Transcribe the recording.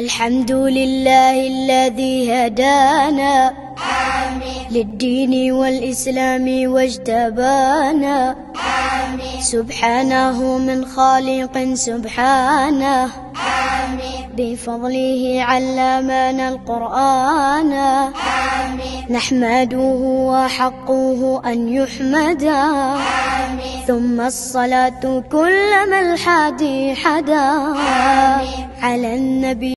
الحمد لله الذي هدانا آمين للدين والإسلام واجتبانا آمين سبحانه من خالق سبحانه آمين بفضله علمنا القرآن آمين نحمده وحقه أن يحمد آمين ثم الصلاة كلما الحادي حدا آمين على النبي